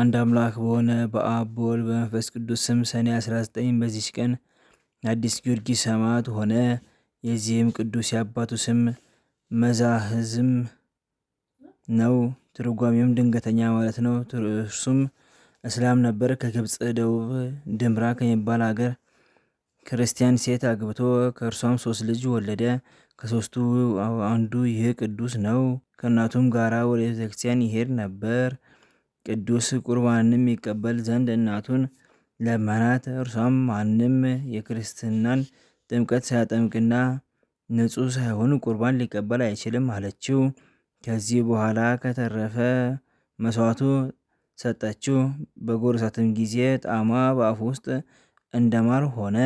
አንድ አምላክ በሆነ በአብ በወልድ በመንፈስ ቅዱስ ስም ሰኔ 19 በዚች ቀን አዲስ ጊዮርጊስ ሰማዕት ሆነ። የዚህም ቅዱስ የአባቱ ስም መዛህዝም ነው። ትርጓሜውም ድንገተኛ ማለት ነው። እርሱም እስላም ነበር። ከግብፅ ደቡብ ድምራ ከሚባል ሀገር ክርስቲያን ሴት አግብቶ ከእርሷም ሶስት ልጅ ወለደ። ከሶስቱ አንዱ ይህ ቅዱስ ነው። ከእናቱም ጋራ ወደ ቤተክርስቲያን ይሄድ ነበር። ቅዱስ ቁርባንም ይቀበል ዘንድ እናቱን ለመናት። እርሷም ማንም የክርስትናን ጥምቀት ሳያጠምቅና ንጹሕ ሳይሆን ቁርባን ሊቀበል አይችልም አለችው። ከዚህ በኋላ ከተረፈ መስዋዕቱ ሰጠችው። በጎረሳትም ጊዜ ጣዕሟ በአፍ ውስጥ እንደማር ሆነ።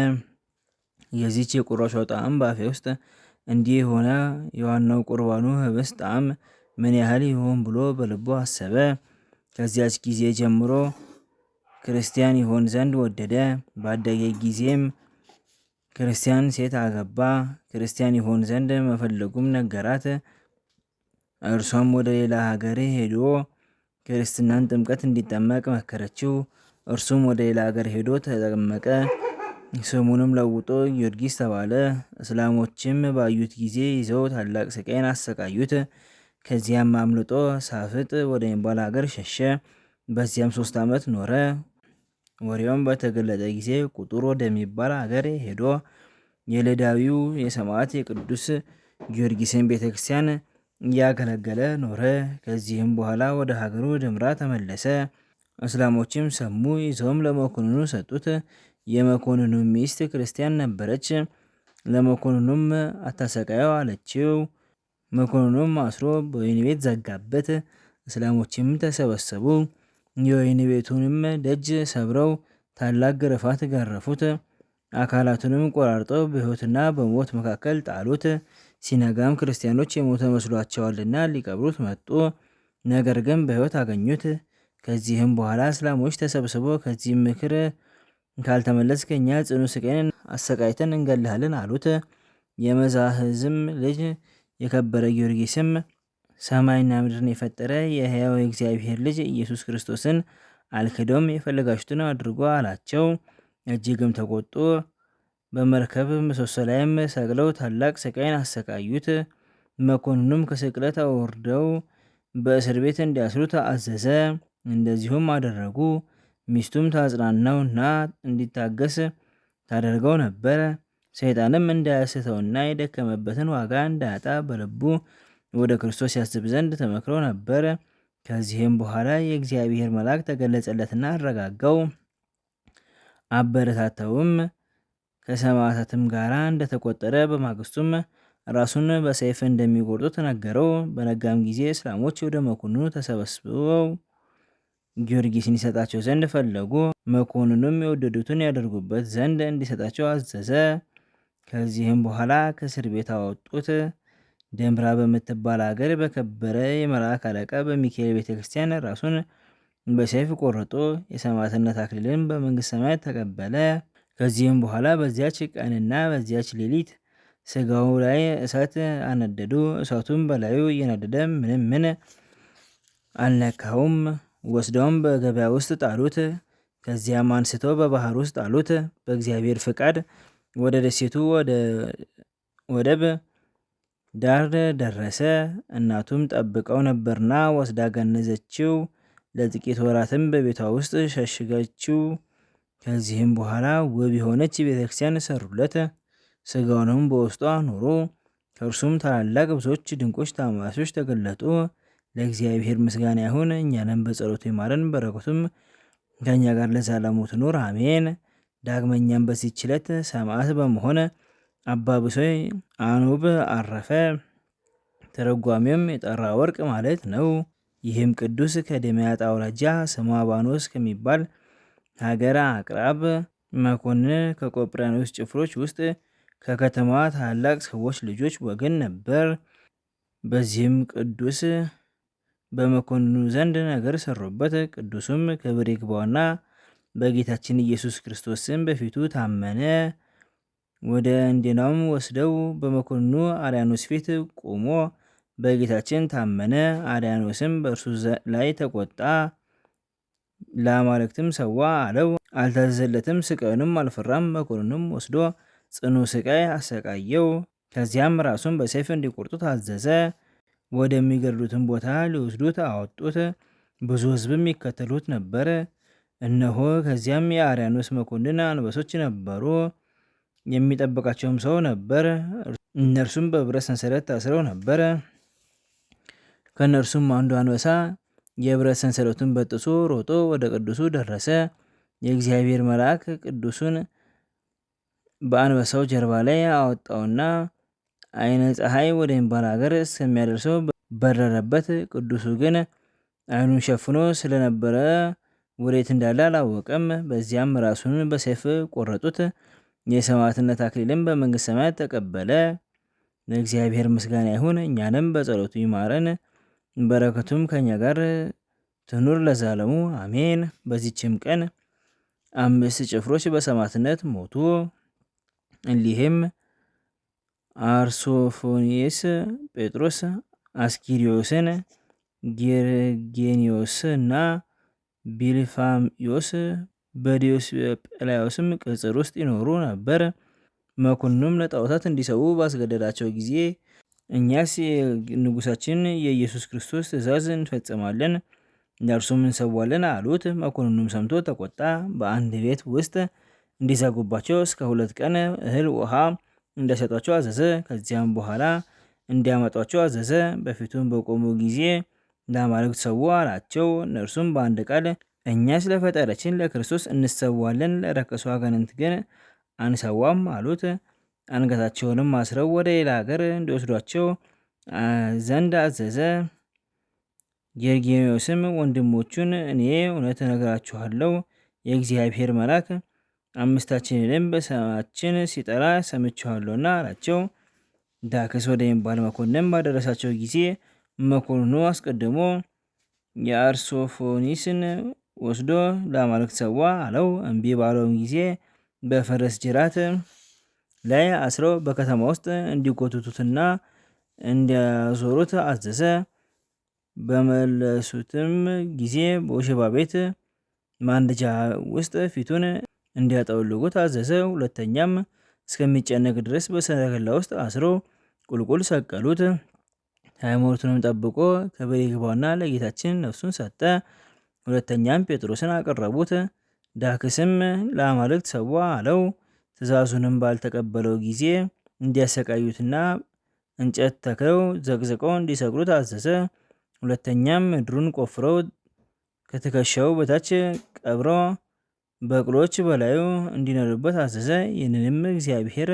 የዚች የቁራሿ ጣዕም በአፌ ውስጥ እንዲህ ሆነ። የዋናው ቁርባኑ ህብስት ጣዕም ምን ያህል ይሆን ብሎ በልቡ አሰበ። ከዚያች ጊዜ ጀምሮ ክርስቲያን ይሆን ዘንድ ወደደ። ባደገ ጊዜም ክርስቲያን ሴት አገባ። ክርስቲያን ይሆን ዘንድ መፈለጉም ነገራት። እርሷም ወደ ሌላ ሀገር ሄዶ ክርስትናን ጥምቀት እንዲጠመቅ መከረችው። እርሱም ወደ ሌላ ሀገር ሄዶ ተጠመቀ። ስሙንም ለውጦ ጊዮርጊስ ተባለ። እስላሞችም ባዩት ጊዜ ይዘው ታላቅ ስቃይን አሰቃዩት። ከዚያም አምልጦ ሳፍጥ ወደሚባል ሀገር ሸሸ። በዚያም ሶስት ዓመት ኖረ። ወሬውም በተገለጠ ጊዜ ቁጥር ወደሚባል ሀገር ሄዶ የለዳዊው የሰማዕት የቅዱስ ጊዮርጊስን ቤተክርስቲያን እያገለገለ ኖረ። ከዚህም በኋላ ወደ ሀገሩ ደምራ ተመለሰ። እስላሞችም ሰሙ፣ ይዘውም ለመኮንኑ ሰጡት። የመኮንኑ ሚስት ክርስቲያን ነበረች። ለመኮንኑም አታሰቃየው አለችው። መኮንኑም አስሮ በወህኒ ቤት ዘጋበት። እስላሞችም ተሰበሰቡ። የወህኒ ቤቱንም ደጅ ሰብረው ታላቅ ግርፋት ገረፉት። አካላቱንም ቆራርጠው በሕይወትና በሞት መካከል ጣሉት። ሲነጋም ክርስቲያኖች የሞተ መስሏቸዋልና ሊቀብሩት መጡ። ነገር ግን በሕይወት አገኙት። ከዚህም በኋላ እስላሞች ተሰብስቦ ከዚህም ምክር ካልተመለስክ እኛ ጽኑ ስቃይን አሰቃይተን እንገልሃለን አሉት። የመዛህዝም ልጅ የከበረ ጊዮርጊስም ሰማይና ምድርን የፈጠረ የሕያው እግዚአብሔር ልጅ ኢየሱስ ክርስቶስን አልክደውም፣ የፈለጋችሁትን አድርጎ አላቸው። እጅግም ተቆጡ። በመርከብ ምሰሶ ላይም ሰቅለው ታላቅ ስቃይን አሰቃዩት። መኮንኑም ከስቅለት አውርደው በእስር ቤት እንዲያስሩት አዘዘ። እንደዚሁም አደረጉ። ሚስቱም ታጽናናው እንዲታገስ ታደርገው ነበር። ሰይጣንም እንዳያስተውና የደከመበትን ዋጋ እንዳያጣ በልቡ ወደ ክርስቶስ ያስብ ዘንድ ተመክሮ ነበር። ከዚህም በኋላ የእግዚአብሔር መልአክ ተገለጸለትና አረጋጋው፣ አበረታተውም። ከሰማዕታትም ጋር እንደተቆጠረ በማግስቱም ራሱን በሰይፍ እንደሚቆርጡ ተነገረው። በነጋም ጊዜ እስላሞች ወደ መኮንኑ ተሰበስበው ጊዮርጊስን ይሰጣቸው ዘንድ ፈለጉ። መኮንኑም የወደዱትን ያደርጉበት ዘንድ እንዲሰጣቸው አዘዘ። ከዚህም በኋላ ከእስር ቤት አወጡት። ደምብራ በምትባል ሀገር በከበረ የመልአክ አለቃ በሚካኤል ቤተ ክርስቲያን ራሱን በሰይፍ ቆርጦ የሰማዕትነት አክሊልን በመንግስት ሰማያት ተቀበለ። ከዚህም በኋላ በዚያች ቀንና በዚያች ሌሊት ስጋው ላይ እሳት አነደዱ። እሳቱም በላዩ እየነደደ ምንም ምን አልነካውም። ወስደውም በገበያ ውስጥ ጣሉት። ከዚያም አንስተው በባህር ውስጥ ጣሉት። በእግዚአብሔር ፍቃድ ወደ ደሴቱ ወደ ወደብ ዳር ደረሰ። እናቱም ጠብቀው ነበርና ወስዳ ገነዘችው። ለጥቂት ወራትም በቤቷ ውስጥ ሸሽገችው። ከዚህም በኋላ ውብ የሆነች ቤተክርስቲያን ሰሩለት። ስጋውንም በውስጧ ኑሮ ከእርሱም ታላላቅ ብዙዎች ድንቆች ታምራቶች ተገለጡ። ለእግዚአብሔር ምስጋና ይሁን፣ እኛንም በጸሎቱ ይማረን፣ በረከቱም ከእኛ ጋር ለዘላለሙ ትኑር አሜን። ዳግመኛም በዚች ዕለት ሰማዕት በመሆን አባ ብሶይ አኑብ አረፈ። ተረጓሚውም የጠራ ወርቅ ማለት ነው። ይህም ቅዱስ ከደማያት አውራጃ ስሟ ባኖስ ከሚባል ሀገር አቅራብ መኮንን ከቆጵሪያኖስ ጭፍሮች ውስጥ ከከተማዋ ታላላቅ ሰዎች ልጆች ወገን ነበር። በዚህም ቅዱስ በመኮንኑ ዘንድ ነገር ሰሩበት። ቅዱሱም ክብር ይግባውና በጌታችን ኢየሱስ ክርስቶስም በፊቱ ታመነ። ወደ እንዴናውም ወስደው በመኮንኑ አርያኖስ ፊት ቆሞ በጌታችን ታመነ። አርያኖስም በእርሱ ላይ ተቆጣ፣ ለአማልክትም ሰዋ አለው። አልታዘዘለትም፣ ስቃዩንም አልፈራም። መኮንኑም ወስዶ ጽኑ ስቃይ አሰቃየው። ከዚያም ራሱን በሰይፍ እንዲቆርጡት አዘዘ። ወደሚገድሉትም ቦታ ሊወስዱት አወጡት። ብዙ ሕዝብም ይከተሉት ነበር። እነሆ ከዚያም የአርያኖስ መኮንን አንበሶች ነበሩ፣ የሚጠብቃቸውም ሰው ነበር። እነርሱም በብረት ሰንሰለት ታስረው ነበር። ከእነርሱም አንዱ አንበሳ የብረት ሰንሰለቱን በጥሶ ሮጦ ወደ ቅዱሱ ደረሰ። የእግዚአብሔር መልአክ ቅዱሱን በአንበሳው ጀርባ ላይ አወጣውና አይነ ፀሐይ ወደሚባል ሀገር እስከሚያደርሰው በረረበት። ቅዱሱ ግን አይኑን ሸፍኖ ስለነበረ ወዴት እንዳለ አላወቀም። በዚያም ራሱን በሰይፍ ቆረጡት። የሰማዕትነት አክሊልም በመንግስት ሰማያት ተቀበለ። ለእግዚአብሔር ምስጋና ይሁን፣ እኛንም በጸሎቱ ይማረን፣ በረከቱም ከኛ ጋር ትኑር ለዛለሙ አሜን። በዚችም ቀን አምስት ጭፍሮች በሰማዕትነት ሞቱ። እሊህም አርሶፎኒስ፣ ጴጥሮስ፣ አስኪሪዮስን፣ ጌርጌኒዮስ እና ቢልፋምዮስ በዲዮስጵልያስም ቅጽር ውስጥ ይኖሩ ነበር። መኮንኑም ለጣዖታት እንዲሰዉ ባስገደዳቸው ጊዜ እኛስ የንጉሳችን የኢየሱስ ክርስቶስ ትእዛዝ እንፈጽማለን፣ ለእርሱም እንሰዋለን አሉት። መኮንኑም ሰምቶ ተቆጣ። በአንድ ቤት ውስጥ እንዲዘጉባቸው እስከ ሁለት ቀን እህል ውሃ እንዳይሰጧቸው አዘዘ። ከዚያም በኋላ እንዲያመጧቸው አዘዘ። በፊቱም በቆሙ ጊዜ ለአማልክት ሰዉ አላቸው። እነርሱም በአንድ ቃል እኛ ስለፈጠረችን ለክርስቶስ እንሰዋለን፣ ለረከሱ አጋንንት ግን አንሰዋም አሉት። አንገታቸውንም አስረው ወደ ሌላ ሀገር እንዲወስዷቸው ዘንድ አዘዘ። ጌርጌኖስም ወንድሞቹን እኔ እውነት እነግራችኋለሁ የእግዚአብሔር መልአክ አምስታችንንም በስማችን ሲጠራ ሰምቼዋለሁና አላቸው። ዳክስ ወደሚባል መኮንን ባደረሳቸው ጊዜ መኮንኑ አስቀድሞ የአርሶፎኒስን ወስዶ ለአማልክት ሰዋ አለው። እምቢ ባለውም ጊዜ በፈረስ ጅራት ላይ አስረው በከተማ ውስጥ እንዲጎትቱትና እንዲያዞሩት አዘዘ። በመለሱትም ጊዜ በወሸባ ቤት ማንደጃ ውስጥ ፊቱን እንዲያጠወልጉት አዘዘ። ሁለተኛም እስከሚጨነቅ ድረስ በሰረገላ ውስጥ አስሮ ቁልቁል ሰቀሉት። ሃይማኖቱንም ጠብቆ ክብር ይግባውና ለጌታችን ነፍሱን ሰጠ። ሁለተኛም ጴጥሮስን አቀረቡት። ዳክስም ለአማልክት ሰዋ አለው። ትእዛዙንም ባልተቀበለው ጊዜ እንዲያሰቃዩትና እንጨት ተክለው ዘቅዝቀው እንዲሰቅሉት አዘዘ። ሁለተኛም ምድሩን ቆፍረው ከትከሻው በታች ቀብረው በቅሎች በላዩ እንዲነዱበት አዘዘ። ይህንንም እግዚአብሔር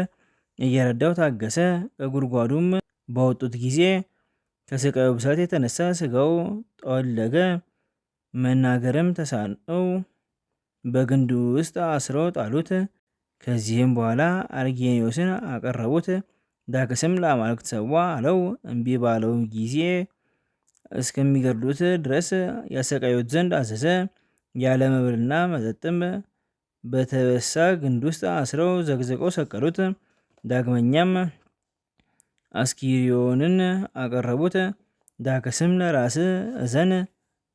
እየረዳው ታገሰ። ከጉድጓዱም ባወጡት ጊዜ ከሥቃዩ ብዛት የተነሳ ስጋው ጠወለገ፣ መናገርም ተሳነው። በግንዱ ውስጥ አስረው ጣሉት። ከዚህም በኋላ አርጌኒዮስን አቀረቡት። ዳክስም ለአማልክት ሰዋ አለው። እምቢ ባለው ጊዜ እስከሚገድሉት ድረስ ያሰቃዩት ዘንድ አዘዘ። ያለ መብልና መጠጥም በተበሳ ግንድ ውስጥ አስረው ዘግዝቀው ሰቀሉት። ዳግመኛም አስኪሪዮንን አቀረቡት። ዳክስም ለራስ እዘን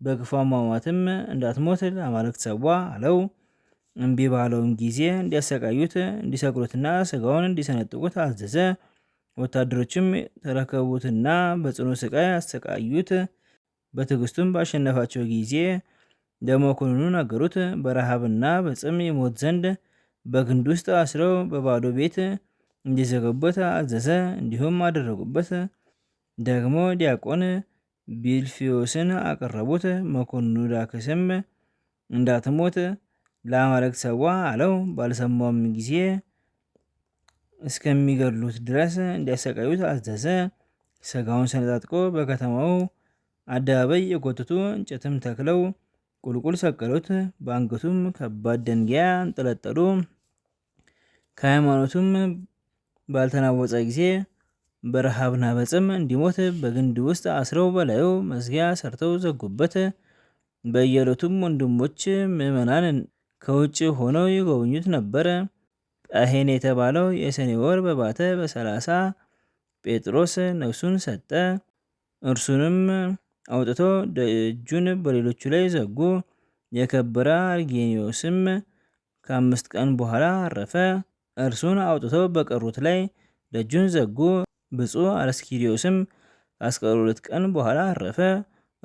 በክፉ አሟሟትም እንዳትሞት ለአማልክት ሰዋ አለው። እምቢ ባለውም ጊዜ እንዲያሰቃዩት እንዲሰቅሉትና ስጋውን እንዲሰነጥቁት አዘዘ። ወታደሮችም ተረከቡትና በጽኑ ስቃይ አሰቃዩት። በትዕግስቱም ባሸነፋቸው ጊዜ ለመኮንኑ ነገሩት። በረሃብና በጽም የሞት ዘንድ በግንድ ውስጥ አስረው በባዶ ቤት እንዲዘጉበት አዘዘ። እንዲሁም አደረጉበት። ደግሞ ዲያቆን ቢልፊዮስን አቀረቡት። መኮንኑ ዳክስም እንዳትሞት ለአማልክት ሰዋ አለው። ባልሰማውም ጊዜ እስከሚገድሉት ድረስ እንዲያሰቃዩት አዘዘ። ስጋውን ሰነጣጥቆ በከተማው አደባባይ የጎትቱ እንጨትም ተክለው ቁልቁል ሰቀሉት። በአንገቱም ከባድ ደንጊያ አንጠለጠሉ። ከሃይማኖቱም ባልተናወጸ ጊዜ በረሃብና በጽም እንዲሞት በግንድ ውስጥ አስረው በላዩ መዝጊያ ሰርተው ዘጉበት። በየዕለቱም ወንድሞች ምዕመናን ከውጭ ሆነው ይጎበኙት ነበር። ጳሄን የተባለው የሰኔ ወር በባተ በሰላሳ ጴጥሮስ ነፍሱን ሰጠ። እርሱንም አውጥቶ ደጁን በሌሎቹ ላይ ዘጉ። የከበረ አርጌኒዮስም ከአምስት ቀን በኋላ አረፈ። እርሱን አውጥተው በቀሩት ላይ ደጁን ዘጉ። ብፁዕ አለስኪሪዮስም ከአስራ ሁለት ቀን በኋላ አረፈ።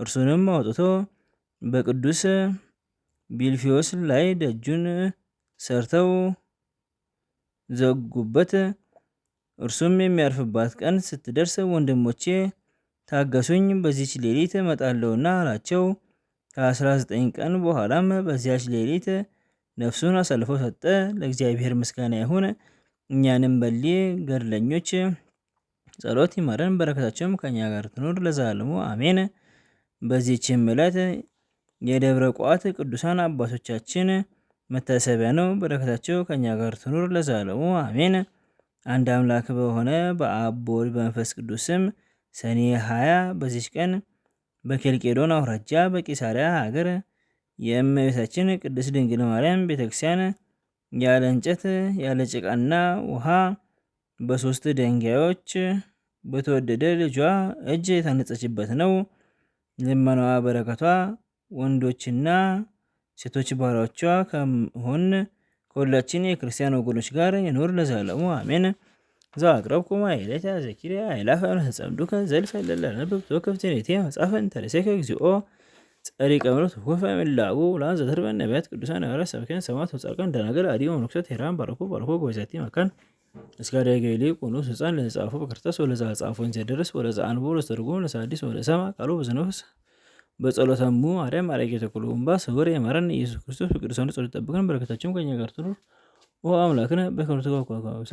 እርሱንም አውጥቶ በቅዱስ ቢልፊዮስ ላይ ደጁን ሰርተው ዘጉበት። እርሱም የሚያርፍባት ቀን ስትደርስ ወንድሞቼ ታገሱኝ፣ በዚች ሌሊት እመጣለሁና አላቸው። ከ ከ19 ቀን በኋላም በዚያች ሌሊት ነፍሱን አሳልፎ ሰጠ። ለእግዚአብሔር ምስጋና ይሁን። እኛንም በሊ ገድለኞች ጸሎት ይማረን፣ በረከታቸውም ከኛ ጋር ትኑር ለዘላለሙ አሜን። በዚችም ዕለት የደብረ ቋት ቅዱሳን አባቶቻችን መታሰቢያ ነው። በረከታቸው ከኛ ጋር ትኑር ለዘላለሙ አሜን። አንድ አምላክ በሆነ በአብ በወልድ በመንፈስ ቅዱስም ሰኔ ሀያ በዚች ቀን በኬልቄዶን አውራጃ በቂሳሪያ ሀገር የእመቤታችን ቅድስት ድንግል ማርያም ቤተክርስቲያን ያለ እንጨት ያለ ጭቃና ውሃ በሶስት ድንጋዮች በተወደደ ልጇ እጅ የታነጸችበት ነው። ልመናዋ በረከቷ ወንዶችና ሴቶች ባሪያዎቿ ከመሆን ከሁላችን የክርስቲያን ወገኖች ጋር ይኑር ለዘላለሙ አሜን። ዘአቅረብኩ ማኅሌተ ዘኪርየ አእላፈ ወተጸምዱከ ዘልፈ ለለነ ብብቶ ክፍትኔቴ መጻፈን እንተ እግዚኦ ጸሪቀ ምረት ወፈ ምላኡ ላን ዘተርበ ነቢያት ቅዱሳን ሐዋርያት ሰበከን ሰማት ወጻድቃን ደናገል አዲ ወመነኮሳት ሄራን ባረኮ ባረኮ ጎይዘቲ መካን እስከ ደገ ይሌ ቆኖስ ሕፃን ለጻፎ በከርታስ ወለዛ ጻፎ እንዘደረስ ወለዛ አንቦ ለስተርጎም ለሳዲስ ወለሰማ ቃሉ በዝነፍስ በጸሎታሙ ማርያም ማረግ የተኩሉ እምባ ስውር የማረን ኢየሱስ ክርስቶስ በቅዱሳኑ ጸሎት ጠብቀን በረከታቸውም ከኛ ጋር ትኑር። ኦ አምላክነ በከመ ተኮንከ